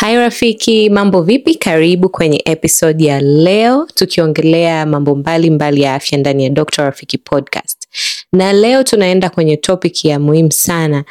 Hai rafiki, mambo vipi? Karibu kwenye episode ya leo, tukiongelea mambo mbalimbali mbali ya afya ndani ya Dr. Rafiki Podcast na leo tunaenda kwenye topic ya muhimu sana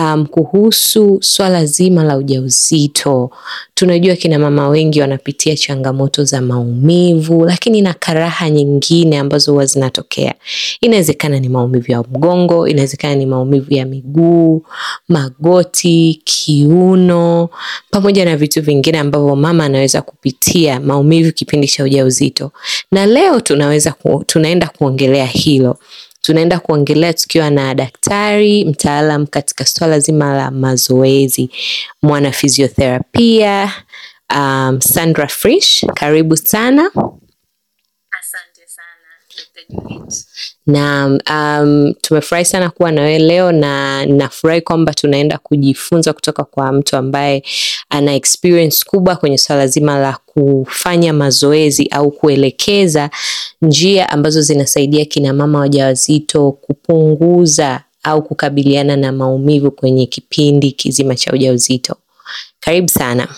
um, kuhusu swala zima la ujauzito. Tunajua kina mama wengi wanapitia changamoto za maumivu, lakini na karaha nyingine ambazo huwa zinatokea. Inawezekana ni maumivu ya mgongo, inawezekana ni maumivu ya miguu, magoti, kiuno, pamoja na vitu vingine ambavyo mama anaweza kupitia maumivu kipindi cha ujauzito, na leo tunaweza ku, tunaenda kuongelea hilo tunaenda kuongelea tukiwa na daktari mtaalam katika swala zima la mazoezi, mwana um, Sandra frish karibu sana. Asante um, tumefurahi sana kuwa nawe leo, na nafurahi kwamba tunaenda kujifunza kutoka kwa mtu ambaye ana experience kubwa kwenye swala zima la kufanya mazoezi au kuelekeza njia ambazo zinasaidia kina mama wajawazito kupunguza au kukabiliana na maumivu kwenye kipindi kizima cha ujauzito. Karibu sana.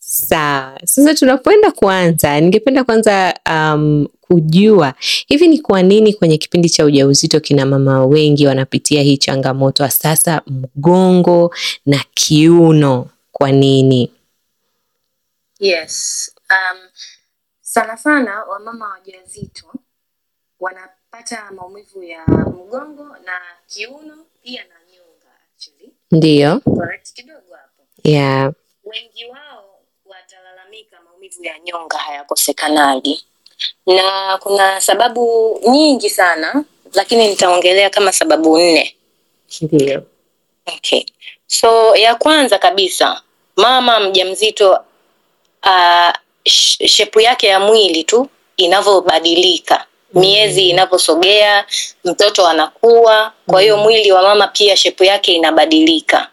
Sawa, sasa tunapoenda kuanza, ningependa kwanza um, kujua hivi ni kwa nini kwenye kipindi cha ujauzito kina mama wengi wanapitia hii changamoto sasa mgongo na kiuno kwa nini? Yes. Um, sana sana wamama wajawazito wanapata maumivu ya mgongo na kiuno pia na nyonga actually. Correct kidogo hapo. Yeah. Wengi wao watalalamika maumivu ya nyonga hayakosekanagi na kuna sababu nyingi sana, lakini nitaongelea kama sababu nne. Ndio. Okay. So ya kwanza kabisa, mama mjamzito uh, ah, shepu yake ya mwili tu inavyobadilika mm. miezi inavyosogea, mtoto anakuwa. Kwa hiyo mm. mwili wa mama pia shepu yake inabadilika.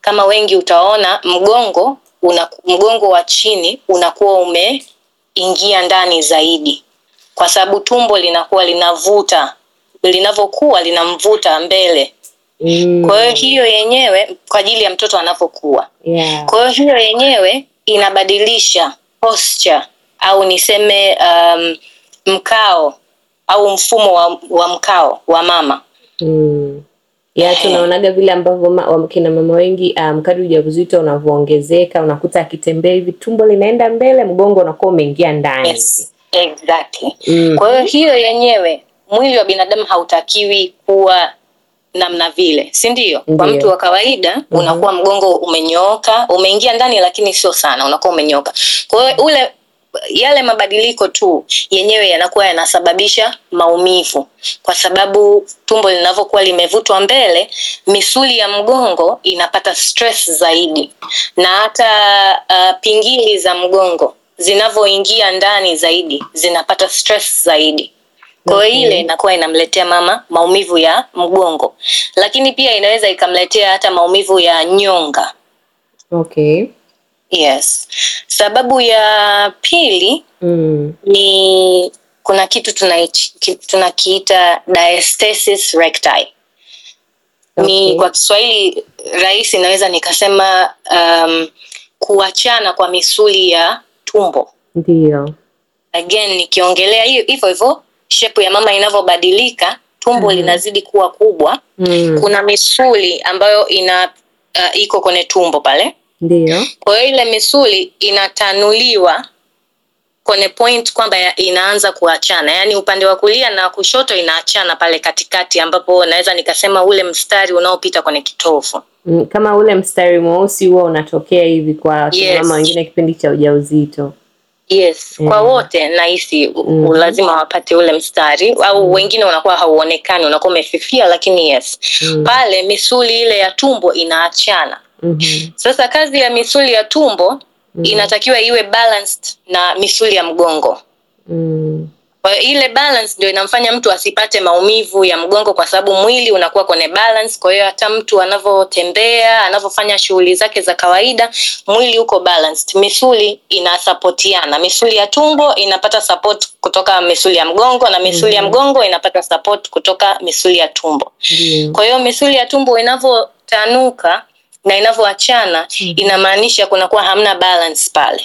Kama wengi utaona mgongo una, mgongo wa chini unakuwa ume ingia ndani zaidi, kwa sababu tumbo linakuwa linavuta, linavyokuwa linamvuta mbele mm. Kwa hiyo hiyo yenyewe kwa ajili ya mtoto anapokuwa yeah. Kwa hiyo hiyo yenyewe inabadilisha posture au niseme um, mkao au mfumo wa, wa mkao wa mama mm ya tunaonaga vile ambavyo kina mama wengi um, kadri ujauzito unavyoongezeka unakuta akitembea hivi tumbo linaenda mbele, mgongo unakuwa umeingia ndani. Yes, exactly. Mm. Kwa hiyo hiyo yenyewe mwili wa binadamu hautakiwi kuwa namna vile, si ndio? Kwa mtu wa kawaida mm -hmm. unakuwa mgongo umenyooka, umeingia ndani, lakini sio sana, unakuwa umenyooka. Kwa hiyo ule yale mabadiliko tu yenyewe yanakuwa yanasababisha maumivu, kwa sababu tumbo linavyokuwa limevutwa mbele, misuli ya mgongo inapata stress zaidi, na hata uh, pingili za mgongo zinavyoingia ndani zaidi zinapata stress zaidi. Kwa hiyo ile inakuwa inamletea mama maumivu ya mgongo, lakini pia inaweza ikamletea hata maumivu ya nyonga. Okay. Yes. Sababu ya pili mm. ni kuna kitu tunakiita diastasis recti. Okay. Ni kwa Kiswahili rahisi naweza nikasema um, kuachana kwa misuli ya tumbo. Ndio. Again nikiongelea hiyo hivyo hivyo shepu ya mama inavyobadilika, tumbo mm. linazidi kuwa kubwa mm. kuna misuli ambayo ina uh, iko kwenye tumbo pale ndio. Kwa hiyo ile misuli inatanuliwa kwenye point kwamba inaanza kuachana, yaani upande wa kulia na kushoto inaachana pale katikati, ambapo naweza nikasema ule mstari unaopita kwenye kitovu mm, kama ule mstari mweusi huwa unatokea hivi kwa mama wengine kipindi cha ujauzito yes yeah. Mm. kwa wote nahisi mm. lazima wapate ule mstari au mm. wengine unakuwa hauonekani unakuwa umefifia, lakini yes mm. pale misuli ile ya tumbo inaachana Mm-hmm. Sasa kazi ya misuli ya tumbo mm-hmm. inatakiwa iwe balanced na misuli ya mgongo. Mm. Kwa hiyo ile balance ndio inamfanya mtu asipate maumivu ya mgongo kwa sababu mwili unakuwa kwenye balance. Kwa hiyo hata mtu anavyotembea, anavyofanya shughuli zake za kawaida, mwili uko balanced. Misuli inasapotiana. Misuli ya tumbo inapata support kutoka misuli ya mgongo na misuli mm-hmm. ya mhm. mgongo inapata support kutoka misuli ya tumbo. Mm-hmm. Kwa hiyo misuli ya tumbo inavyotanuka na inavyoachana mm. inamaanisha kunakuwa hamna balance pale.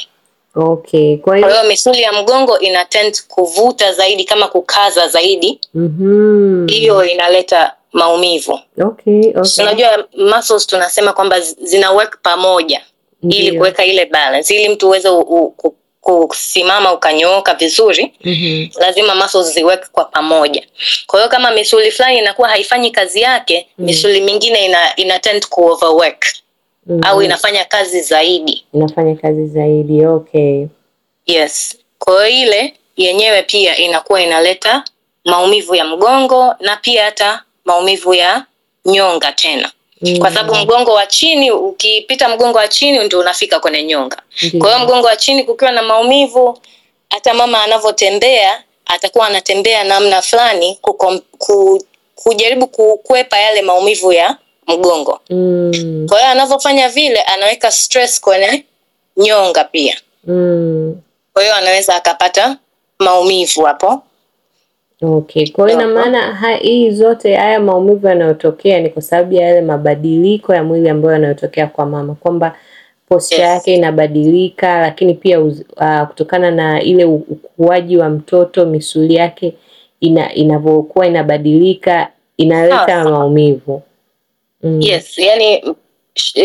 Okay, kwa hiyo misuli ya mgongo ina tend kuvuta zaidi kama kukaza zaidi mm-hmm. hiyo mm -hmm. inaleta maumivu. Okay, okay. Unajua muscles tunasema kwamba zina work pamoja ili kuweka ile balance ili mtu uweze kusimama ukanyooka vizuri mm-hmm. lazima maso ziweke kwa pamoja kwa hiyo kama misuli fulani inakuwa haifanyi kazi yake mm-hmm. misuli mingine ina, ina tend ku overwork mm-hmm. au inafanya kazi zaidi inafanya kazi zaidi okay yes kwa hiyo ile yenyewe pia inakuwa inaleta maumivu ya mgongo na pia hata maumivu ya nyonga tena mm. kwa sababu mgongo wa chini ukipita mgongo wa chini ndio unafika kwenye nyonga mm. kwa hiyo mgongo wa chini kukiwa na maumivu hata mama anavyotembea atakuwa anatembea namna fulani ku, kujaribu kukwepa yale maumivu ya mgongo mm. kwa hiyo anavyofanya vile anaweka stress kwenye nyonga pia mm. kwa hiyo anaweza akapata maumivu hapo Okay, kwa hiyo ina maana hii zote haya maumivu yanayotokea ni kwa sababu ya yale mabadiliko ya mwili ambayo yanayotokea kwa mama, kwamba posture Yes. yake inabadilika, lakini pia uz, uh, kutokana na ile ukuaji wa mtoto misuli yake ina inavyokuwa inabadilika inaleta maumivu mm. Yes, yani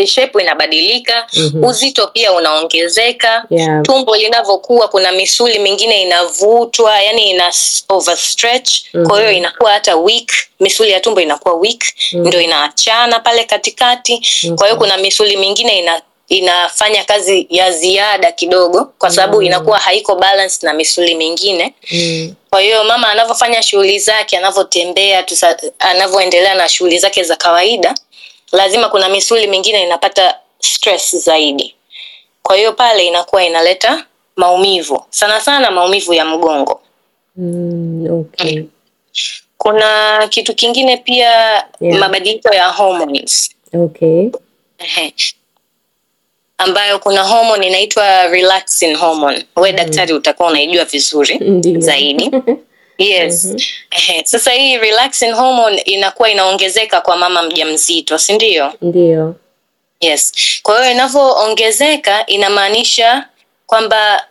shepu inabadilika mm -hmm. uzito pia unaongezeka yeah. tumbo linavyokuwa kuna misuli mingine inavutwa yani ina overstretch mm -hmm. kwa hiyo mhm. inakuwa hata weak misuli ya tumbo inakuwa weak mm -hmm. ndo inaachana pale katikati mm-hmm. kwa hiyo kuna misuli mingine ina inafanya kazi ya ziada kidogo kwa sababu mm. inakuwa haiko balance na misuli mingine mm. kwa hiyo mama anavyofanya shughuli zake anavyotembea anavyoendelea na shughuli zake za kawaida lazima kuna misuli mingine inapata stress zaidi kwa hiyo pale inakuwa inaleta maumivu sana sana maumivu ya mgongo mm, okay. kuna kitu kingine pia yeah. mabadiliko ya hormones okay. ambayo kuna hormone inaitwa relaxing hormone we mm. daktari utakuwa unaijua vizuri zaidi yes mm-hmm. sasa hii relaxing hormone inakuwa inaongezeka kwa mama mjamzito si ndio ndio yes kwa hiyo inavyoongezeka inamaanisha kwamba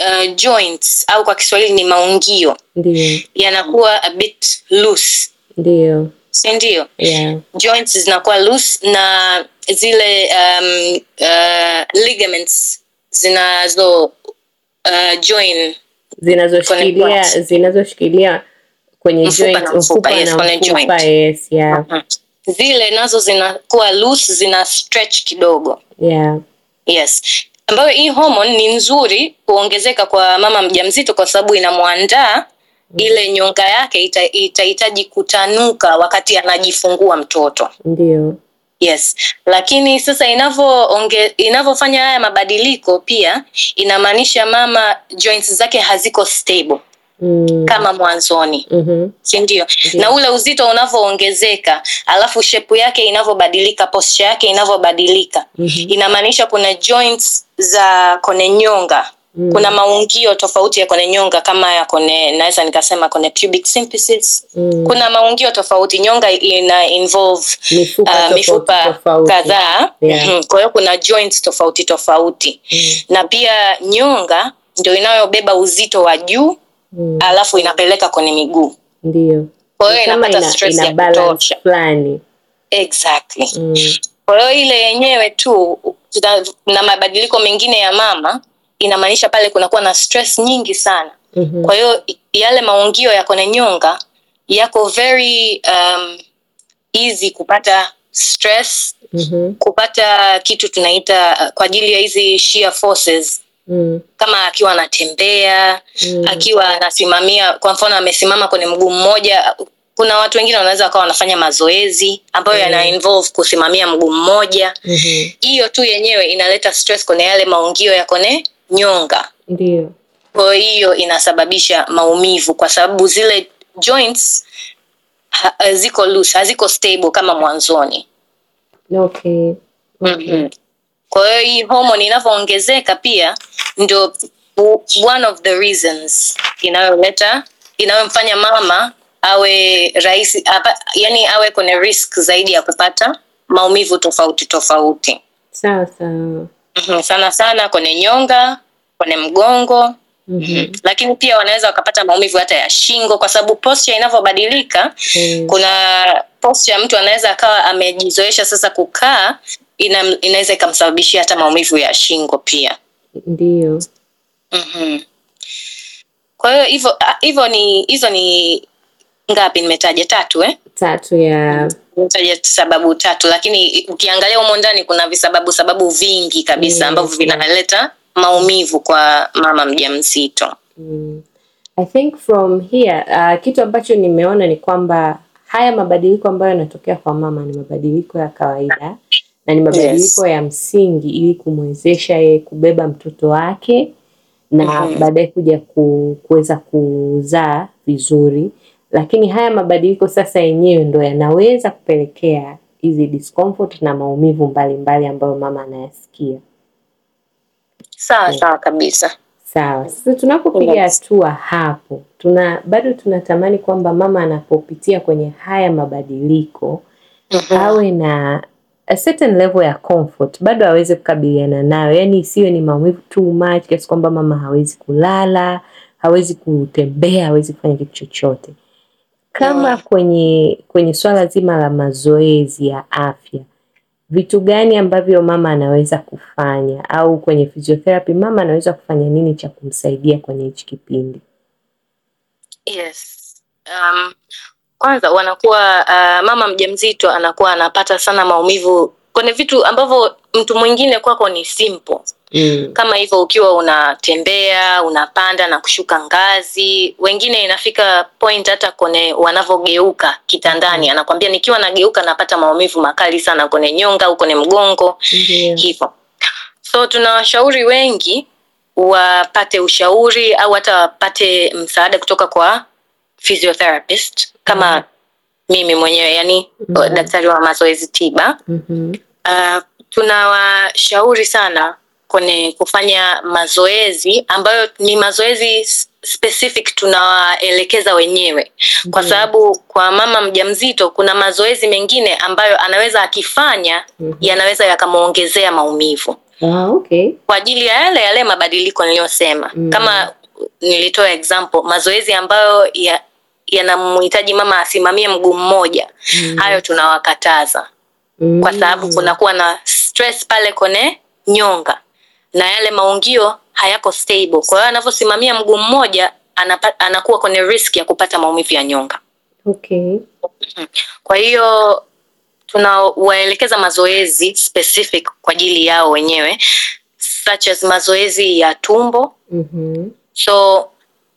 uh, joints au kwa kiswahili ni maungio ndio yanakuwa a bit loose ndio si ndio yeah. joints zinakuwa loose na zile um, uh, ligaments zinazo uh, join zinazoshikilia zinazoshikilia kwenye joint mfupa na mfupa, yes, yeah. mm-hmm. zile nazo zinakuwa loose zina stretch kidogo yeah. yes ambayo hii hormone ni nzuri kuongezeka kwa mama mjamzito kwa sababu inamwandaa ile nyonga yake itahitaji ita kutanuka wakati anajifungua mtoto ndio Yes, lakini sasa inavyoonge inavyofanya haya mabadiliko pia inamaanisha mama joints zake haziko stable Mm. kama mwanzoni mm-hmm. si ndio? Mm-hmm. na ule uzito unavyoongezeka, alafu shepu yake inavyobadilika, posture yake inavyobadilika mm-hmm. inamaanisha kuna joints za kone nyonga Mm. Kuna maungio tofauti ya kone nyonga kama ya kone naweza nikasema kone pubic symphysis. Mm. Kuna maungio tofauti nyonga ina involve mifupa, uh, mifupa kadhaa. Yeah. Mm-hmm. Kwa hiyo kuna joints tofauti tofauti. Mm. Na pia nyonga ndio inayobeba uzito wa juu mm. alafu inapeleka kwenye miguu. Ndio. Kwa hiyo inapata ina, stress ina ya kutosha. Fulani. Exactly. Mm. Kwa hiyo ile yenyewe tu na mabadiliko mengine ya mama inamaanisha pale kunakuwa na stress nyingi sana mm-hmm. kwa hiyo yale maungio ya kone nyonga yako very um, easy kupata stress mm-hmm. kupata kitu tunaita uh, kwa ajili ya hizi shear forces Mm. kama akiwa anatembea mm. akiwa anasimamia kwa mfano amesimama kwenye mguu mmoja kuna watu wengine wanaweza wakawa wanafanya mazoezi ambayo mm. yana involve kusimamia mguu mmoja mhm. hiyo mm-hmm. tu yenyewe inaleta stress kwenye yale maungio ya kone nyonga ndio kwa hiyo inasababisha maumivu kwa sababu zile joints ha, eh, ziko loose haziko stable kama mwanzoni okay. Okay. Mm-hmm. kwa hiyo hii homoni inavyoongezeka pia ndio one of the reasons inayoleta inayomfanya mama awe rahisi apa, yani awe kwenye risk zaidi ya kupata maumivu tofauti tofauti sawa sawa mm-hmm. sana sana kwenye nyonga kwenye mgongo Mm-hmm. Lakini pia wanaweza wakapata maumivu hata ya shingo kwa sababu posture inavyobadilika. mm. Kuna posture ya mtu anaweza akawa amejizoesha sasa kukaa, ina, inaweza ikamsababishia hata maumivu ya shingo pia. Ndio. mm-hmm. Kwa hiyo hivyo ah, hivyo ni hizo ni ngapi nimetaja? Tatu eh? Tatu ya nimetaja sababu tatu, lakini ukiangalia humo ndani kuna visababu sababu vingi kabisa ambavyo vinaleta maumivu kwa mama mzito Mm. I think from here uh, kitu ambacho nimeona ni kwamba haya mabadiliko ambayo yanatokea kwa mama ni mabadiliko ya kawaida na ni mabadiliko yes, ya msingi ili kumwezesha yeye kubeba mtoto wake na mm-hmm, baadaye kuja ku, kuweza kuzaa vizuri, lakini haya mabadiliko sasa yenyewe ndo yanaweza kupelekea hizi discomfort na maumivu mbalimbali mbali ambayo mama anayasikia sawa mm. sawa kabisa. Sawa. Sasa tunapopiga hatua hapo, tuna bado tunatamani kwamba mama anapopitia kwenye haya mabadiliko mm -hmm. awe na a certain level ya comfort, bado aweze kukabiliana nayo, yani isiwe ni maumivu too much kiasi kwamba mama hawezi kulala, hawezi kutembea, hawezi kufanya kitu chochote kama yeah. kwenye kwenye swala zima la mazoezi ya afya vitu gani ambavyo mama anaweza kufanya au kwenye physiotherapy mama anaweza kufanya nini cha kumsaidia kwenye hichi kipindi? Yes. Um, kwanza wanakuwa uh, mama mjamzito anakuwa anapata sana maumivu kwenye vitu ambavyo mtu mwingine kwako ni simple mm. Kama hivyo ukiwa unatembea unapanda na kushuka ngazi, wengine inafika point hata kone wanavogeuka kitandani, mm. anakwambia nikiwa nageuka napata maumivu makali sana kone nyonga au kone mgongo mm. hivyo so tunawashauri wengi wapate ushauri au hata wapate msaada kutoka kwa physiotherapist kama mm -hmm. mimi mwenyewe yani mm -hmm. daktari wa mazoezi tiba mm -hmm. uh, tunawashauri sana kwenye kufanya mazoezi ambayo ni mazoezi specific tunawaelekeza wenyewe kwa mm. sababu kwa mama mjamzito kuna mazoezi mengine ambayo anaweza akifanya mm-hmm. yanaweza yakamwongezea maumivu ah, okay. kwa ajili ya yale yale mabadiliko niliyosema mm. kama nilitoa example mazoezi ambayo ya yanamhitaji mama asimamie mguu mmoja mm. hayo tunawakataza mm. kwa sababu mm. kunakuwa na stress pale kone nyonga na yale maungio hayako stable. Kwa hiyo anavyosimamia mguu mmoja anakuwa kwenye risk ya kupata maumivu ya nyonga. Okay. Mm-hmm. Kwa hiyo tunawaelekeza mazoezi specific kwa ajili yao wenyewe such as mazoezi ya tumbo. Mm-hmm. So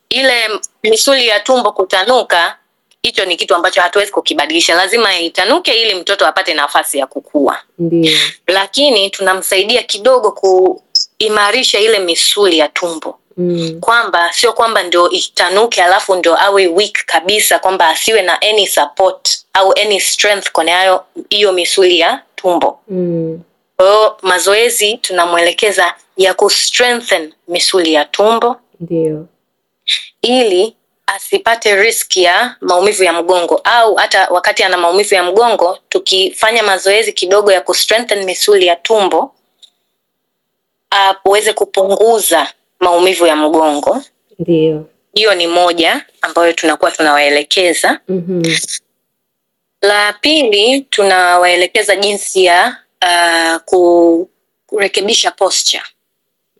ile misuli ya tumbo kutanuka hicho ni kitu ambacho hatuwezi kukibadilisha, lazima itanuke ili mtoto apate nafasi ya kukua. Ndiyo. Lakini tunamsaidia kidogo ku, imarisha ile misuli ya tumbo mm. kwamba sio kwamba ndio itanuke alafu ndio awe weak kabisa kwamba asiwe na any support au any strength kwenye hayo hiyo misuli ya tumbo mm. kwa mazoezi tunamwelekeza ya strengthen misuli ya tumbo ndio ili asipate risk ya maumivu ya mgongo au hata wakati ana maumivu ya mgongo tukifanya mazoezi kidogo ya strengthen misuli ya tumbo Uh, uweze kupunguza maumivu ya mgongo. Ndio, hiyo ni moja ambayo tunakuwa tunawaelekeza. mm-hmm. La pili tunawaelekeza jinsi ya uh, ku, kurekebisha posture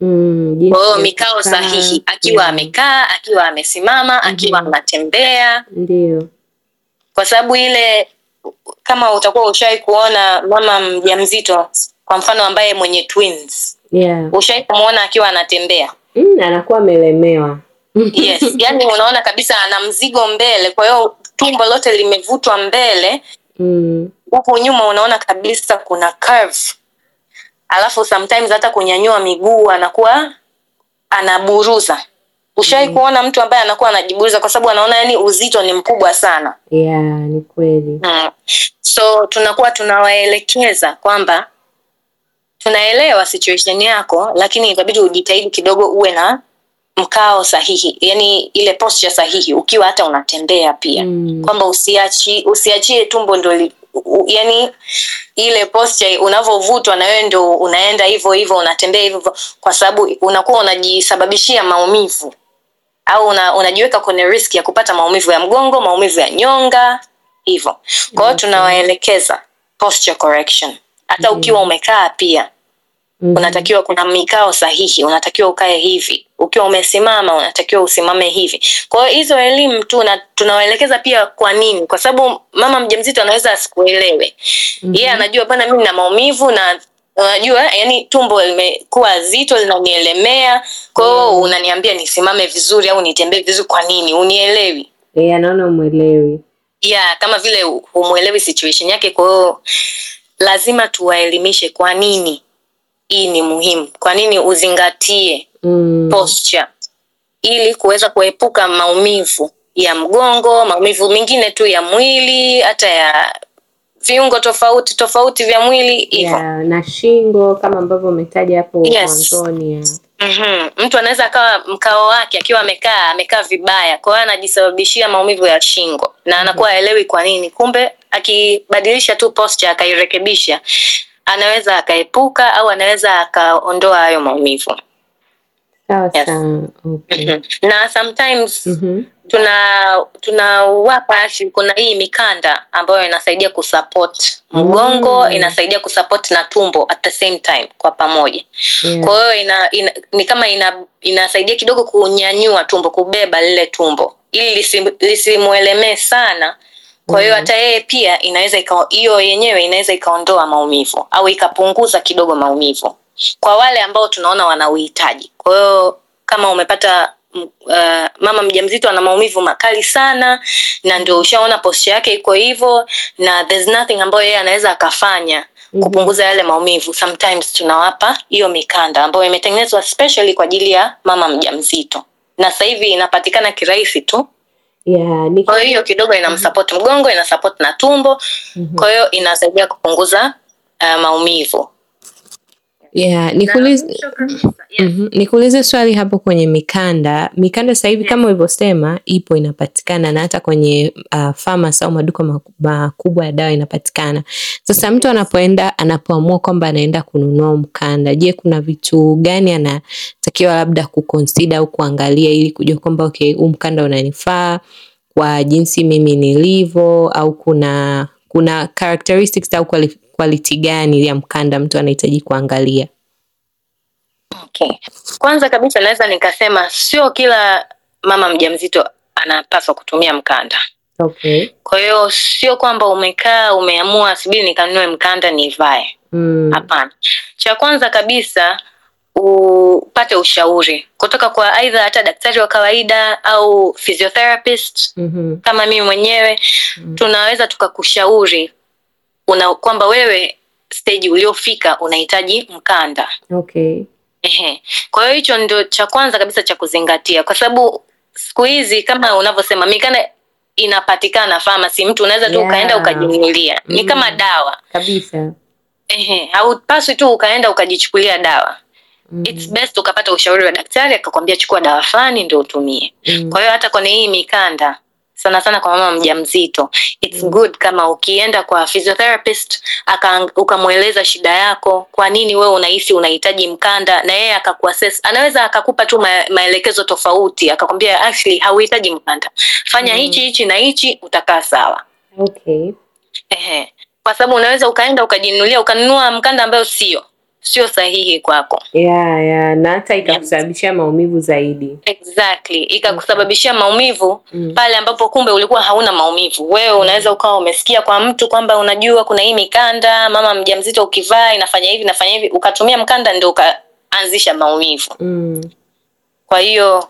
Mm, kwa hiyo mikao sahihi akiwa yeah, amekaa akiwa amesimama mm -hmm, akiwa anatembea. Ndio, kwa sababu ile kama utakuwa ushawahi kuona mama mjamzito kwa mfano ambaye mwenye twins yeah. Ushai kumwona akiwa anatembea mm, anakuwa amelemewa yes, yani unaona kabisa ana mzigo mbele, kwa hiyo tumbo lote limevutwa mbele mm. huku mm. nyuma unaona kabisa kuna curve. Alafu sometimes hata kunyanyua miguu anakuwa anaburuza. Ushai mm. kuona mtu ambaye anakuwa anajiburuza kwa sababu anaona yani uzito ni mkubwa sana. Yeah, ni kweli mm. So tunakuwa tunawaelekeza kwamba tunaelewa situation yako lakini itabidi ujitahidi kidogo uwe na mkao sahihi yani ile posture sahihi ukiwa hata unatembea pia mm. kwamba usiachi usiachie tumbo ndo li, u, yani ile posture unavovutwa na wewe ndo unaenda hivyo hivyo unatembea hivyo kwa sababu unakuwa unajisababishia maumivu au una, unajiweka kwenye risk ya kupata maumivu ya mgongo maumivu ya nyonga hivyo kwa hiyo okay. tunawaelekeza posture correction hata ukiwa umekaa pia Mm -hmm. Unatakiwa kuna mikao sahihi, unatakiwa ukae hivi, ukiwa umesimama unatakiwa usimame hivi. Kwa hiyo hizo elimu tu tunawaelekeza pia. Kwa nini? Kwa sababu mama mjamzito anaweza asikuelewe. mm -hmm. Yeye yeah, anajua bana, mimi na maumivu na unajua yani tumbo limekuwa zito linanielemea, kwa hiyo mm -hmm. unaniambia nisimame vizuri au nitembee vizuri. Kwa nini? Unielewi? Anaona yeah, umwelewi. Yeah, kama vile humwelewi situation yake, kwa hiyo lazima tuwaelimishe kwa nini hii ni muhimu, kwa nini uzingatie mm. posture ili kuweza kuepuka maumivu ya mgongo, maumivu mengine tu ya mwili, hata ya viungo tofauti tofauti vya mwili hivyo, yeah, na shingo kama ambavyo umetaja hapo mwanzoni yes. Mm-hmm. Mtu anaweza akawa mkao wake akiwa amekaa amekaa vibaya, kwa hiyo anajisababishia maumivu ya shingo na anakuwa mhm. haelewi kwa nini, kumbe akibadilisha tu posture akairekebisha, anaweza akaepuka au anaweza akaondoa hayo maumivu. Yes. Okay. Mm-hmm. na sometimes mm -hmm. tuna tunawapa kuna hii mikanda ambayo inasaidia kusupport mgongo mm. inasaidia kusupport na tumbo at the same time kwa pamoja yeah. kwa hiyo ina, ina, ni kama ina, inasaidia kidogo kunyanyua tumbo kubeba lile tumbo ili lisimwelemee lisi sana kwa hiyo mm. hata yeye pia inaweza hiyo yenyewe inaweza ikaondoa maumivu au ikapunguza kidogo maumivu kwa wale ambao tunaona wana uhitaji kwa hiyo kama umepata uh, mama mjamzito ana maumivu makali sana na ndio ushaona posture yake iko hivyo na there's nothing ambayo yeye anaweza akafanya mm-hmm. kupunguza yale maumivu sometimes tunawapa hiyo mikanda ambayo imetengenezwa specially kwa ajili ya mama mjamzito na sasa hivi inapatikana kirahisi tu Yeah, kwa hiyo kidogo inamsupport mhm. mgongo, support na tumbo, mhm. kwa hiyo inasaidia kupunguza uh, maumivu. Yeah, nikuulize yeah. mm -hmm. swali hapo kwenye mikanda. Mikanda sasa hivi yeah. kama ulivyosema ipo inapatikana na hata kwenye uh, pharmacy au maduka makubwa ya dawa inapatikana. Sasa mtu anapoenda anapoamua kwamba anaenda kununua mkanda, je, kuna vitu gani anatakiwa labda kukonsida au kuangalia ili kujua kwamba okay, huu mkanda unanifaa kwa jinsi mimi nilivyo au kuna kuna characteristics au quality gani ya mkanda mtu anahitaji kuangalia? Okay. Kwanza kabisa naweza nikasema sio kila mama mjamzito anapaswa kutumia mkanda. Okay. Kwa hiyo sio kwamba umekaa umeamua sibili nikanunue mkanda niivae. Mm. Hapana. Mm. Cha kwanza kabisa upate ushauri kutoka kwa aidha hata daktari wa kawaida au physiotherapist. mm -hmm. Kama mimi mwenyewe mm -hmm. tunaweza tukakushauri una kwamba wewe stage uliofika unahitaji mkanda. Okay. Ehe. Kwa hiyo hicho ndio cha kwanza kabisa cha kuzingatia, kwa sababu siku hizi kama unavyosema mikanda inapatikana pharmacy, mtu unaweza tu yeah, ukaenda ukajinunulia ni kama mm. dawa kabisa. Ehe, haupaswi tu ukaenda ukajichukulia dawa mm. It's best ukapata ushauri wa daktari akakwambia chukua dawa fulani ndio utumie mm. Kwa hiyo hata kwenye hii mikanda sana sana kwa mama mjamzito. It's mm. good kama ukienda kwa physiotherapist aka ukamweleza shida yako, kwa nini wewe unahisi unahitaji mkanda, na yeye akakuassess. Anaweza akakupa tu ma maelekezo tofauti, akakwambia actually hauhitaji mkanda, fanya mm. hichi hichi na hichi, utakaa sawa. Okay. Ehe, kwa sababu unaweza ukaenda ukajinunulia ukanunua mkanda ambayo sio sio sahihi kwako. yeah, yeah. na hata ikakusababishia maumivu zaidi. Exactly, ikakusababishia mm-hmm. maumivu mm. pale ambapo kumbe ulikuwa hauna maumivu wewe. mm. unaweza ukawa umesikia kwa mtu kwamba unajua kuna hii mikanda, mama mjamzito ukivaa inafanya hivi inafanya hivi, ukatumia mkanda ndio ukaanzisha maumivu mm. kwa hiyo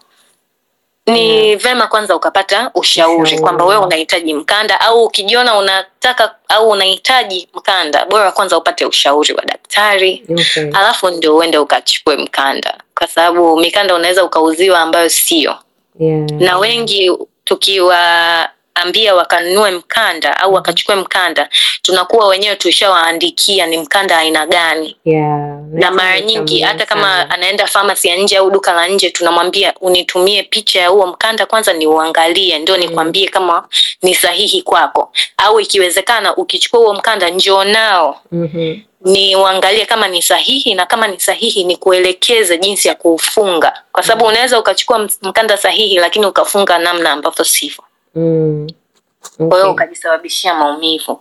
ni yeah. Vema kwanza ukapata ushauri kwamba wewe unahitaji mkanda au ukijiona unataka au unahitaji mkanda, bora kwanza upate ushauri wa daktari okay. Alafu ndio uende ukachukue mkanda, kwa sababu mikanda unaweza ukauziwa ambayo sio yeah. Na wengi tukiwa ambia wakanunue mkanda au mm-hmm. wakachukue mkanda, tunakuwa wenyewe tushawaandikia ni mkanda aina gani. Yeah, na mara nyingi hata kama anaenda famasi ya nje au duka la nje, tunamwambia unitumie picha ya huo mkanda kwanza niuangalie, ndio mm. nikwambie kama ni sahihi kwako, au ikiwezekana ukichukua huo mkanda njoo nao mm -hmm. ni uangalie kama ni sahihi, na kama ni sahihi ni kuelekeze jinsi ya kuufunga, kwa sababu mm. unaweza ukachukua mkanda sahihi, lakini ukafunga namna ambavyo sivyo mm. Okay. Kwa hiyo ukajisababishia maumivu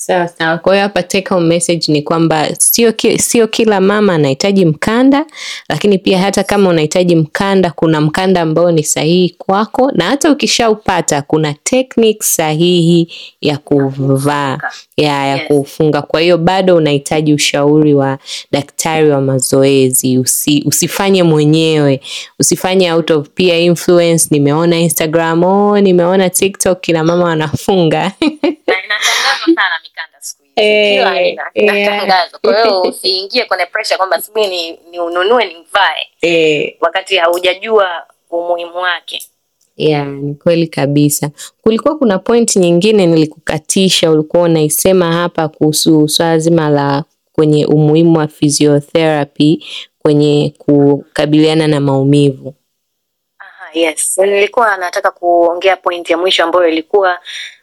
Sawa sawa. Kwa hiyo hapa take home message ni kwamba sio ki, sio kila mama anahitaji mkanda, lakini pia hata kama unahitaji mkanda, kuna mkanda ambao ni sahihi kwako, na hata ukishaupata kuna technique sahihi ya kuvaa ya, ya yes, kuufunga. Kwa hiyo bado unahitaji ushauri wa daktari wa mazoezi. Usi, usifanye mwenyewe, usifanye out of peer influence. Nimeona Instagram, oh, nimeona TikTok kila mama wanafunga vitanda siku hizi hey, kila eh, aina eh, Kwa hiyo usiingie kwenye pressure kwamba sijui ni, ni ununue ni mvae hey, eh. wakati haujajua umuhimu wake. Yeah, ni kweli kabisa. Kulikuwa kuna point nyingine nilikukatisha, ulikuwa unaisema hapa kuhusu swala zima la kwenye umuhimu wa physiotherapy kwenye kukabiliana na maumivu. Aha, yes, nilikuwa nataka kuongea point ya mwisho ambayo ilikuwa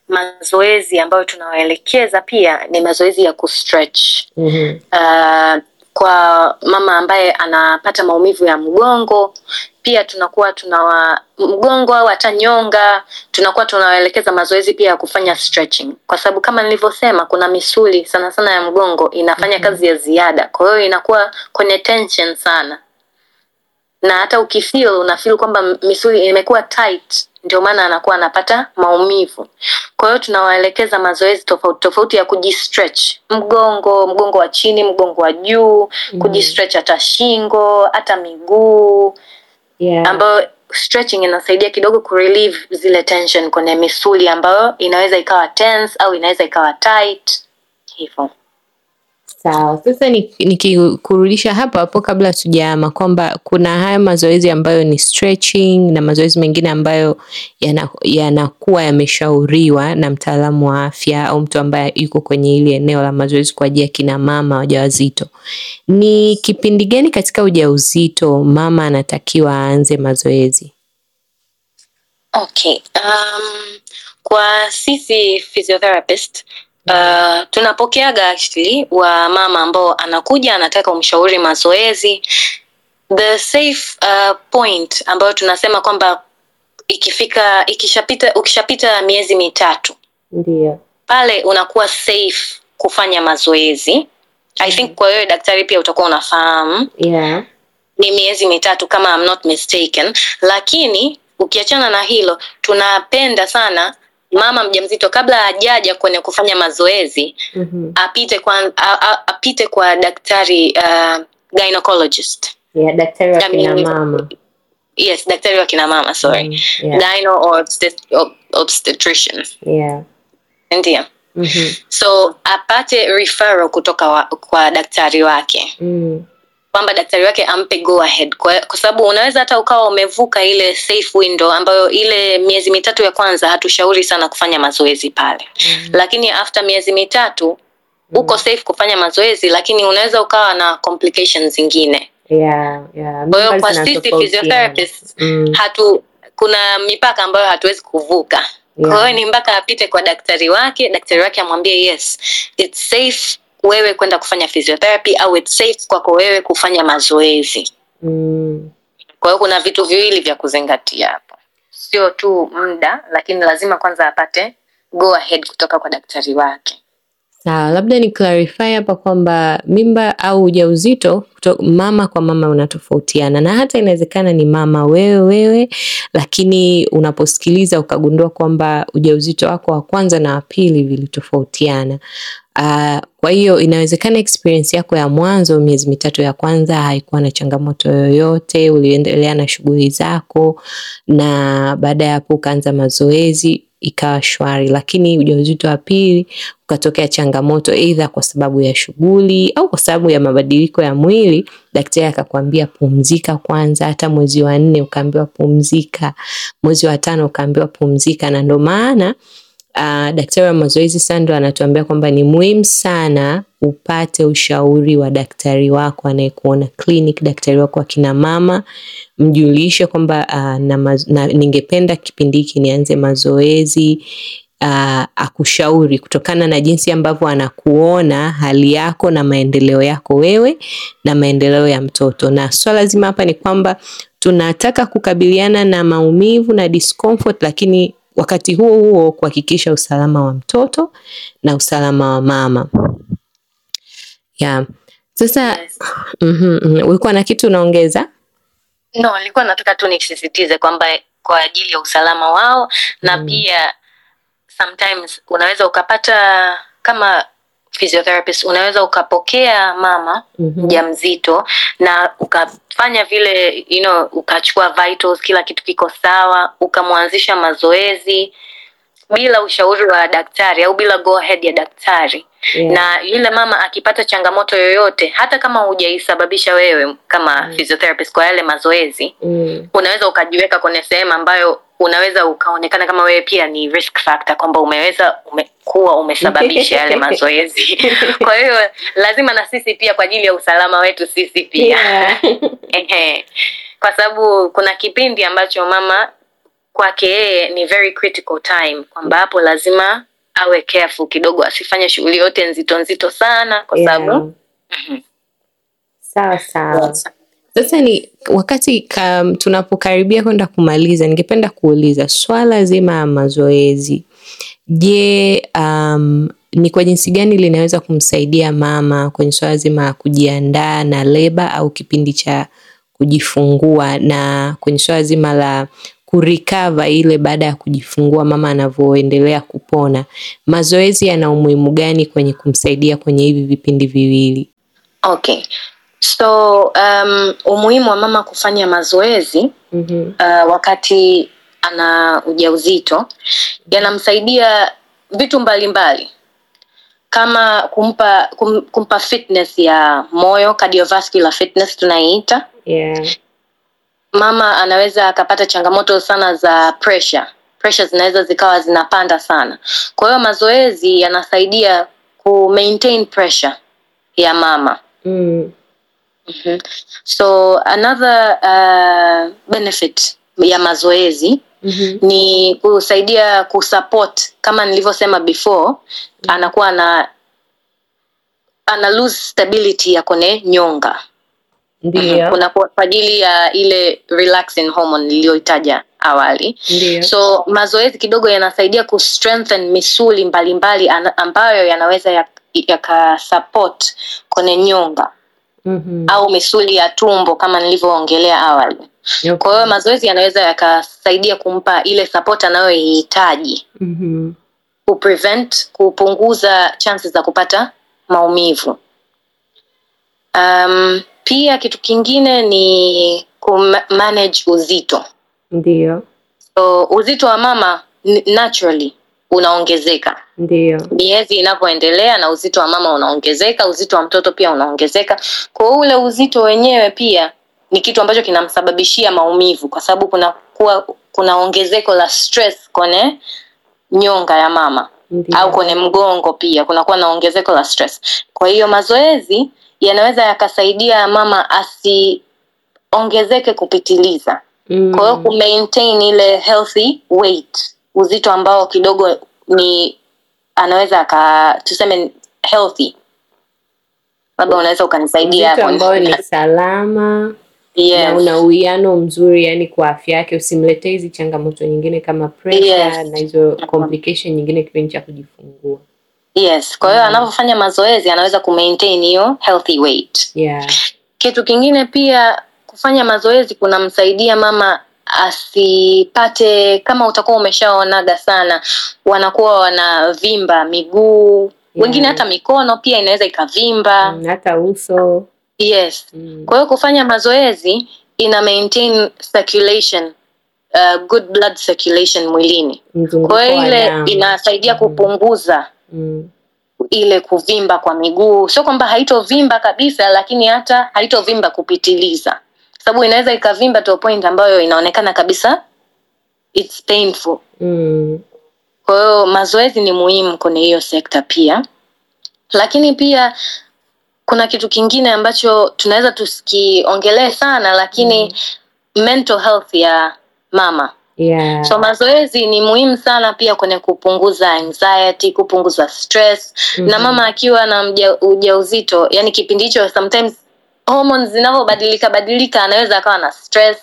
mazoezi ambayo tunawaelekeza pia ni mazoezi ya kustretch mm-hmm. uh, kwa mama ambaye anapata maumivu ya mgongo pia tunakuwa tunawa mgongo au hata nyonga, tunakuwa tunawaelekeza mazoezi pia ya kufanya stretching, kwa sababu kama nilivyosema, kuna misuli sana sana ya mgongo inafanya mm-hmm. kazi ya ziada, kwa hiyo inakuwa kwenye tension sana, na hata ukifeel unafeel kwamba misuli imekuwa tight ndio maana anakuwa anapata maumivu. Kwa hiyo tunawaelekeza mazoezi tofauti tofauti ya kujistretch mgongo, mgongo wa chini, mgongo wa juu, mm. kujistretch hata shingo, hata miguu yeah. ambayo stretching inasaidia kidogo relieve zile tension kwenye misuli ambayo inaweza ikawa tense au inaweza ikawa tight hivyo. Sawa, sasa nikikurudisha ni hapo hapo kabla hatujaama kwamba kuna haya mazoezi ambayo ni stretching na mazoezi mengine ambayo yanakuwa yana yameshauriwa na mtaalamu wa afya au mtu ambaye yuko kwenye hili eneo la mazoezi kwa ajili ya kina mama wajawazito. Ni kipindi gani katika ujauzito mama anatakiwa aanze mazoezi? Okay, um, kwa sisi physiotherapist Uh, tunapokeaga actually wa mama ambao anakuja anataka umshauri mazoezi. The safe uh, point ambayo tunasema kwamba ikifika ikishapita ukishapita miezi mitatu ndio pale unakuwa safe kufanya mazoezi. mm -hmm. I think kwa wewe daktari pia utakuwa unafahamu yeah. Ni miezi mitatu kama I'm not mistaken, lakini ukiachana na hilo tunapenda sana mama mjamzito kabla hajaja kwenye kufanya mazoezi mm-hmm. apite kwa a, a, apite kwa daktari uh, gynecologist yeah, daktari wa kina mama yes daktari wa kina mama sorry mm, yeah. gyno or obstet- ob- obstetrician yeah. ndio mm-hmm. so apate referral kutoka wa, kwa daktari wake mm kwamba daktari wake ampe go ahead, kwa, kwa sababu unaweza hata ukawa umevuka ile safe window ambayo ile miezi mitatu ya kwanza hatushauri sana kufanya mazoezi pale mm. Lakini after miezi mitatu mm. uko mm. safe kufanya mazoezi, lakini unaweza ukawa na complications zingine yeah, yeah. Kwa kwa sisi mm. hatu kuna mipaka ambayo hatuwezi kuvuka yeah. Kwa hiyo ni mpaka apite kwa daktari wake, daktari wake amwambie yes it's safe wewe kwenda kufanya physiotherapy au it's safe kwako wewe kufanya mazoezi mm. kwa hiyo kuna vitu viwili vya kuzingatia hapo sio tu muda lakini lazima kwanza apate go ahead kutoka kwa daktari wake na labda ni clarify hapa kwamba mimba au ujauzito mama kwa mama unatofautiana, na hata inawezekana ni mama wewe wewe, lakini unaposikiliza ukagundua kwamba ujauzito wako wa kwanza na wa pili vilitofautiana. Uh, kwa hiyo inawezekana experience yako ya mwanzo miezi mitatu ya kwanza haikuwa na changamoto yoyote, uliendelea na shughuli zako, na baada ya hapo ukaanza mazoezi ikawa shwari, lakini ujauzito wa pili ukatokea changamoto, aidha kwa sababu ya shughuli au kwa sababu ya mabadiliko ya mwili, daktari akakwambia pumzika kwanza. Hata mwezi wa nne ukaambiwa pumzika, mwezi wa tano ukaambiwa pumzika, na ndo maana uh, daktari wa mazoezi Sandra anatuambia kwamba ni muhimu sana upate ushauri wa daktari wako anayekuona clinic, daktari wako wa mama, mjulishe kwamba uh, na, na, ningependa kipindi hiki nianze mazoezi Uh, akushauri kutokana na jinsi ambavyo anakuona hali yako na maendeleo yako wewe na maendeleo ya mtoto. Na swala so zima hapa ni kwamba tunataka kukabiliana na maumivu na discomfort, lakini wakati huo huo kuhakikisha usalama wa mtoto na usalama wa mama yeah. Sasa yes. mm -hmm, ulikuwa na kitu unaongeza? No, nilikuwa nataka tu nisisitize kwamba kwa ajili ya usalama wao na mm. pia sometimes unaweza ukapata kama physiotherapist unaweza ukapokea mama mhm. mjamzito mm -hmm. na ukafanya vile you know, ukachukua vitals, kila kitu kiko sawa, ukamwanzisha mazoezi bila ushauri wa daktari au bila go ahead ya daktari yeah. na yule mama akipata changamoto yoyote, hata kama hujaisababisha wewe kama mm. physiotherapist kwa yale mazoezi mm. unaweza ukajiweka kwenye sehemu ambayo unaweza ukaonekana kama wewe pia ni risk factor kwamba umeweza ume, kuwa umesababisha yale mazoezi kwa hiyo lazima na sisi pia kwa ajili ya usalama wetu sisi pia yeah. kwa sababu kuna kipindi ambacho mama kwake yeye ni very critical time kwamba hapo lazima awe careful kidogo asifanye shughuli yote nzito nzito sana kwa sababu yeah. Mhm. sawa sawa sasa ni wakati um, tunapokaribia kwenda kumaliza ningependa kuuliza swala zima ya mazoezi Je, um, ni kwa jinsi gani linaweza kumsaidia mama kwenye swala zima la kujiandaa na leba au kipindi cha kujifungua na kwenye swala zima la kurikava ile baada ya kujifungua mama anavyoendelea kupona, mazoezi yana umuhimu gani kwenye kumsaidia kwenye hivi vipindi viwili? Okay, so um, umuhimu wa mama kufanya mazoezi mm -hmm. uh, wakati ana ujauzito yanamsaidia vitu mbalimbali mbali kama kumpa kum, kumpa fitness ya moyo cardiovascular fitness tunaiita yeah. mama anaweza akapata changamoto sana za pressure pressure zinaweza zikawa zinapanda sana kwa hiyo mazoezi yanasaidia ku maintain pressure ya mama mm. mm-hmm. so another uh, benefit ya mazoezi mm-hmm. ni kusaidia kusupport kama nilivyosema before mm-hmm. anakuwa ana ana lose stability ya kone nyonga mhm. kuna kwa ajili ya ile relaxing hormone niliyoitaja awali Ndiyo. so mazoezi kidogo yanasaidia ku strengthen misuli mbalimbali mbali ambayo yanaweza yakasupport ya kwenye nyonga mm-hmm. au misuli ya tumbo kama nilivyoongelea awali kwa hiyo mazoezi yanaweza yakasaidia kumpa ile support anayoihitaji mm-hmm. kupunguza chances za kupata maumivu. Um, pia kitu kingine ni kumanage uzito. Ndio. So uzito wa mama naturally unaongezeka ndio miezi inavyoendelea na uzito wa mama unaongezeka uzito wa mtoto pia unaongezeka kwa ule uzito wenyewe pia ni kitu ambacho kinamsababishia maumivu kwa sababu kuna kuwa, kuna ongezeko la stress kwenye nyonga ya mama Ndiyo. au kwenye mgongo pia kunakuwa na ongezeko la stress kwa hiyo mazoezi yanaweza yakasaidia mama asiongezeke kupitiliza mm. kwa hiyo mm. kumaintain ile healthy weight uzito ambao kidogo ni anaweza aka tuseme healthy labda unaweza ukanisaidia ambayo ni salama yes. na una uwiano mzuri yani kwa afya yake, usimletee hizi changamoto nyingine kama pressure yes. na hizo complication nyingine kipindi cha kujifungua. Yes, kwa hiyo mm. anapofanya mazoezi anaweza kumaintain hiyo healthy weight. Yeah. Kitu kingine pia kufanya mazoezi kunamsaidia mama asipate kama utakuwa umeshaonaga sana wanakuwa wanavimba miguu yeah. Wengine hata mikono pia inaweza ikavimba, mm, hata uso Yes. Mm. Kwa hiyo kufanya mazoezi ina maintain circulation uh, good blood circulation mwilini. Kwa hiyo ile inasaidia mm. kupunguza mm. ile kuvimba kwa miguu. Sio kwamba haitovimba kabisa, lakini hata haitovimba kupitiliza, sababu inaweza ikavimba to a point ambayo inaonekana kabisa it's painful mm. Kwa hiyo mazoezi ni muhimu kwenye hiyo sekta pia, lakini pia kuna kitu kingine ambacho tunaweza tusikiongelee sana lakini mm. mental health ya mama Yeah. So mazoezi ni muhimu sana pia kwenye kupunguza anxiety, kupunguza stress mm-hmm. na mama akiwa na mja, ujauzito, yani kipindi hicho sometimes hormones zinavyobadilika badilika anaweza akawa na stress.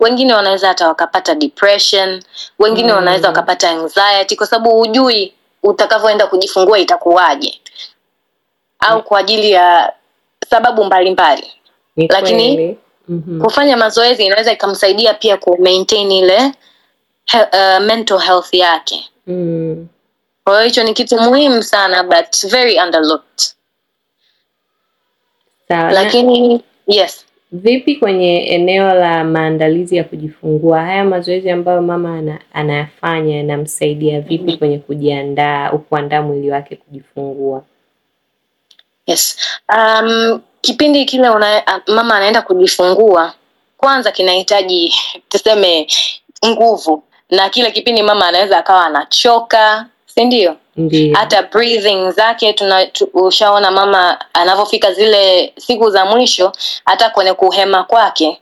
Wengine wanaweza hata wakapata depression, wengine mm. wanaweza wakapata anxiety kwa sababu hujui utakavyoenda kujifungua itakuwaje au kwa ajili ya sababu mbalimbali mbali. Lakini mm-hmm. kufanya mazoezi inaweza ikamsaidia pia ku maintain ile he, uh, mental health yake mm. Kwa hiyo hicho ni kitu muhimu sana but very underlooked. Sawa. Lakini yes. Vipi kwenye eneo la maandalizi ya kujifungua, haya mazoezi ambayo mama ana, anayafanya yanamsaidia vipi mm-hmm. kwenye kujiandaa, kuandaa mwili wake kujifungua? Yes. Um, kipindi kile una, mama anaenda kujifungua kwanza kinahitaji tuseme nguvu na kile kipindi mama anaweza akawa anachoka sindio hata breathing zake tuna ushaona mama anavyofika zile siku za mwisho hata kwenye kuhema kwake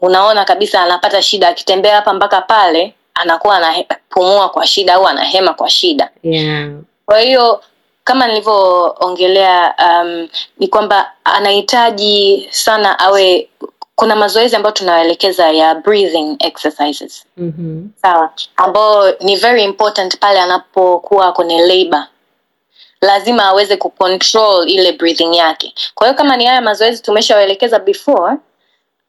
unaona kabisa anapata shida akitembea hapa mpaka pale anakuwa anapumua kwa shida au anahema kwa shida yeah. kwa hiyo kama nilivyoongelea um, ni kwamba anahitaji sana awe kuna mazoezi ambayo tunaelekeza ya breathing exercises mm-hmm. sawa ambayo ni very important pale anapokuwa kwenye labor lazima aweze kucontrol ile breathing yake kwa hiyo kama ni haya mazoezi tumeshawaelekeza before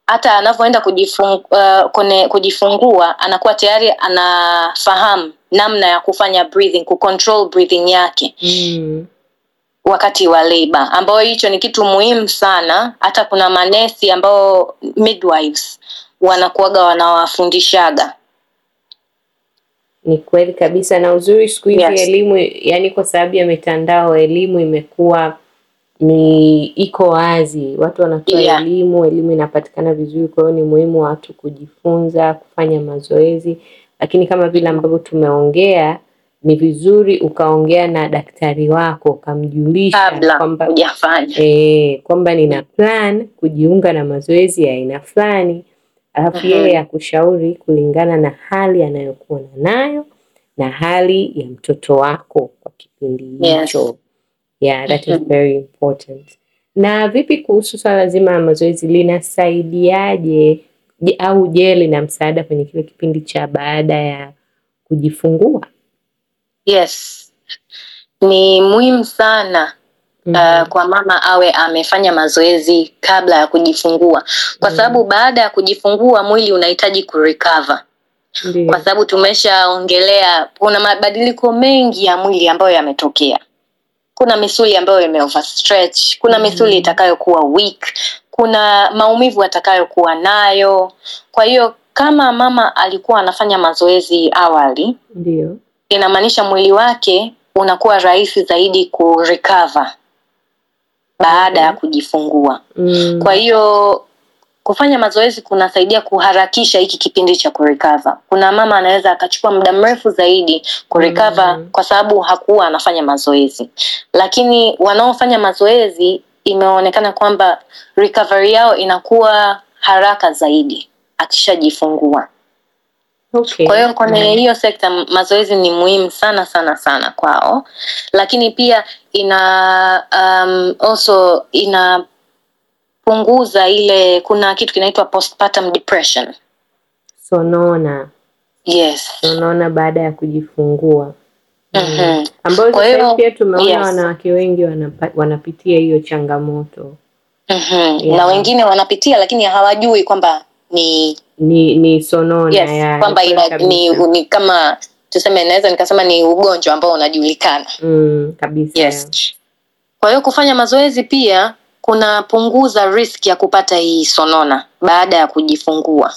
hata anavyoenda kujifungua uh, kujifungua anakuwa tayari anafahamu namna ya kufanya breathing kucontrol breathing yake mm. wakati wa leba ambayo hicho ni kitu muhimu sana hata kuna manesi ambao midwives wanakuaga wanawafundishaga ni kweli kabisa na uzuri siku hizi yes. elimu yani kwa sababu ya mitandao elimu imekuwa ni iko wazi, watu wanatoa yeah. elimu, elimu inapatikana vizuri. Kwa hiyo ni muhimu watu kujifunza kufanya mazoezi, lakini kama vile ambavyo tumeongea, ni vizuri ukaongea na daktari wako ukamjulisha kwamba e, kwamba nina plan kujiunga na mazoezi ya aina fulani, alafu mm-hmm. yeye akushauri kulingana na hali anayokuwa nayo na hali ya mtoto wako kwa kipindi hicho. Yes. Yeah, that is mm-hmm. very important. Na vipi kuhusu swala zima la mazoezi linasaidiaje au je, lina msaada kwenye kile kipindi cha baada ya kujifungua? Yes, ni muhimu sana mm -hmm. Uh, mm-hmm. kwa mama awe amefanya mazoezi kabla ya kujifungua kwa mm-hmm. sababu mm -hmm. Baada ya kujifungua mwili unahitaji kurecover Kwa sababu tumeshaongelea kuna mabadiliko mengi ya mwili ambayo yametokea kuna misuli ambayo ime stretch kuna misuli mm. itakayokuwa weak kuna maumivu atakayokuwa nayo kwa hiyo kama mama alikuwa anafanya mazoezi awali ndio inamaanisha mwili wake unakuwa rahisi zaidi kurecover baada ya okay. kujifungua mm. kwa hiyo Kufanya mazoezi kunasaidia kuharakisha hiki kipindi cha kurikava Kuna mama anaweza akachukua muda mrefu zaidi kurikava mm-hmm. kwa sababu hakuwa anafanya mazoezi, lakini wanaofanya mazoezi imeonekana kwamba recovery yao inakuwa haraka zaidi akishajifungua. Okay. Kwa hiyo kwenye mm-hmm. hiyo sekta mazoezi ni muhimu sana sana sana kwao, lakini pia ina um, also ina kupunguza ile kuna kitu kinaitwa postpartum depression sonona yes sonona baada ya kujifungua mm-hmm. Mm. ambayo sasa pia tumeona yes. wanawake wengi wanapa, wanapitia hiyo changamoto mm-hmm. yeah. na wengine wanapitia lakini hawajui kwamba ni ni ni sonona yes, ya kwamba ina, ni, ni kama tuseme naweza nikasema ni ugonjwa ambao unajulikana mm, kabisa yes. kwa hiyo kufanya mazoezi pia kunapunguza riski ya kupata hii sonona baada ya kujifungua.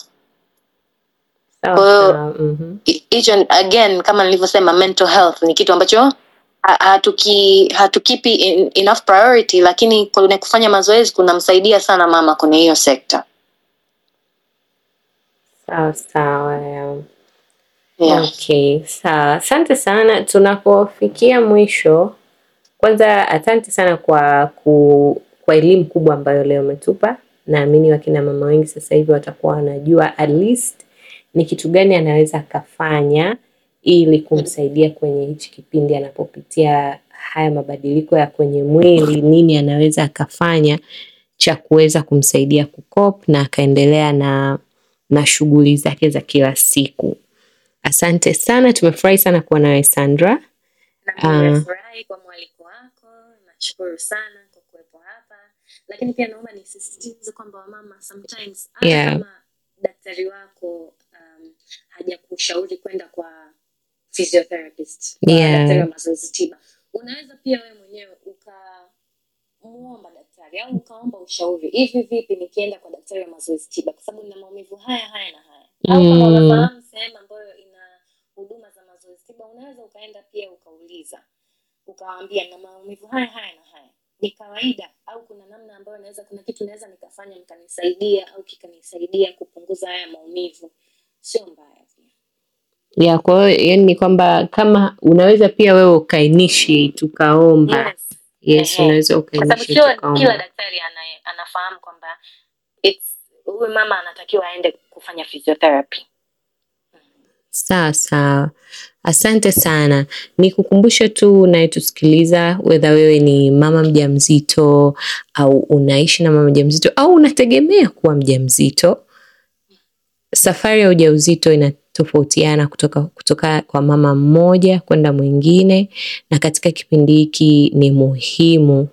Kwa hiyo mhm. hicho again, kama nilivyosema, mental health ni kitu ambacho hatuki hatukipi enough priority, lakini kwenye kufanya mazoezi kunamsaidia sana mama kwenye hiyo sekta. Sawa sawa. Yeah. Okay, sawa. Asante sana. Tunapofikia mwisho, kwanza asante sana kwa ku kwa elimu kubwa ambayo leo umetupa. Naamini wakina mama wengi sasa hivi watakuwa wanajua at least ni kitu gani anaweza akafanya ili kumsaidia kwenye hichi kipindi anapopitia haya mabadiliko ya kwenye mwili, nini anaweza akafanya cha kuweza kumsaidia kukop na akaendelea na, na shughuli zake za kila siku. Asante sana, tumefurahi sana kuwa nawe Sandra. Nimefurahi ah. kwa mwaliko wako, nashukuru sana lakini pia naomba nisisitize kwamba wamama sometimes yeah. daktari wako um, hajakushauri kwenda kwa physiotherapist yeah. daktari wa mazoezi tiba unaweza pia wewe mwenyewe ukamwomba daktari au ukaomba ushauri hivi vipi nikienda kwa daktari wa mazoezi tiba kwa sababu nina maumivu haya haya na haya mm. au sehemu ambayo ina huduma za mazoezi tiba unaweza ukaenda pia ukauliza ukawambia na maumivu haya haya na haya ni kawaida au kuna namna ambayo naweza, kuna kitu naweza nikafanya nikanisaidia au kikanisaidia kupunguza haya maumivu, sio mbaya pia ya. Kwa hiyo yani ni kwamba kama unaweza pia wewe ukainitiate ukaomba. Yes, yes unaweza ukainitiate ukaomba, kila daktari anafahamu kwamba huyu mama anatakiwa aende kufanya physiotherapy Sawa sawa, asante sana. ni kukumbushe tu unayetusikiliza, wedha wewe ni mama mjamzito au unaishi na mama mjamzito au unategemea kuwa mjamzito, safari ya ujauzito inatofautiana kutoka, kutoka kwa mama mmoja kwenda mwingine, na katika kipindi hiki ni muhimu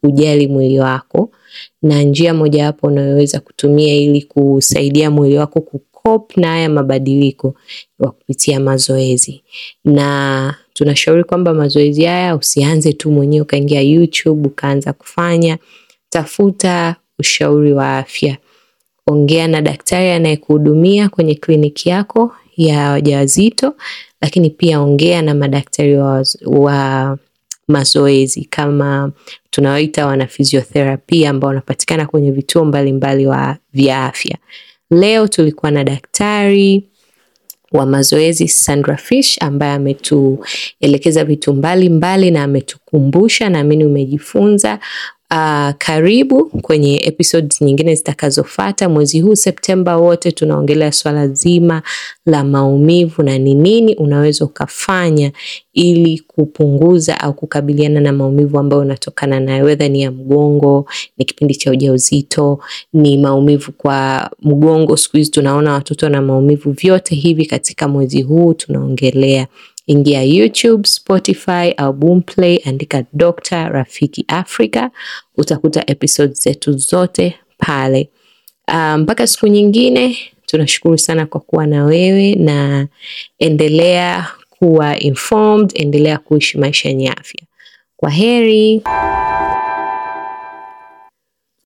kujali mwili wako na njia mojawapo unayoweza kutumia ili kusaidia mwili wako kucope na haya mabadiliko kwa kupitia mazoezi, na tunashauri kwamba mazoezi haya usianze tu mwenyewe ukaingia YouTube ukaanza kufanya. Tafuta ushauri wa afya, ongea na daktari anayekuhudumia kwenye kliniki yako ya wajawazito, lakini pia ongea na madaktari wa, wa mazoezi kama tunawaita wana ambao wanapatikana kwenye vituo mbalimbali vya afya. Leo tulikuwa na daktari wa mazoezi Sandra Fish ambaye ametuelekeza vitu mbalimbali na ametukumbusha, naamini umejifunza. Uh, karibu kwenye episodes nyingine zitakazofuata. Mwezi huu Septemba wote tunaongelea swala zima la maumivu na ni nini unaweza ukafanya ili kupunguza au kukabiliana na maumivu ambayo unatokana nayo, wedha ni ya mgongo, ni kipindi cha ujauzito, ni maumivu kwa mgongo. Siku hizi tunaona watoto na maumivu, vyote hivi katika mwezi huu tunaongelea Ingia YouTube, Spotify au Boomplay, andika Dr. Rafiki Africa, utakuta episode zetu zote pale. Ah, mpaka um, siku nyingine, tunashukuru sana kwa kuwa na wewe, na endelea kuwa informed, endelea kuishi maisha yenye afya. Kwa heri.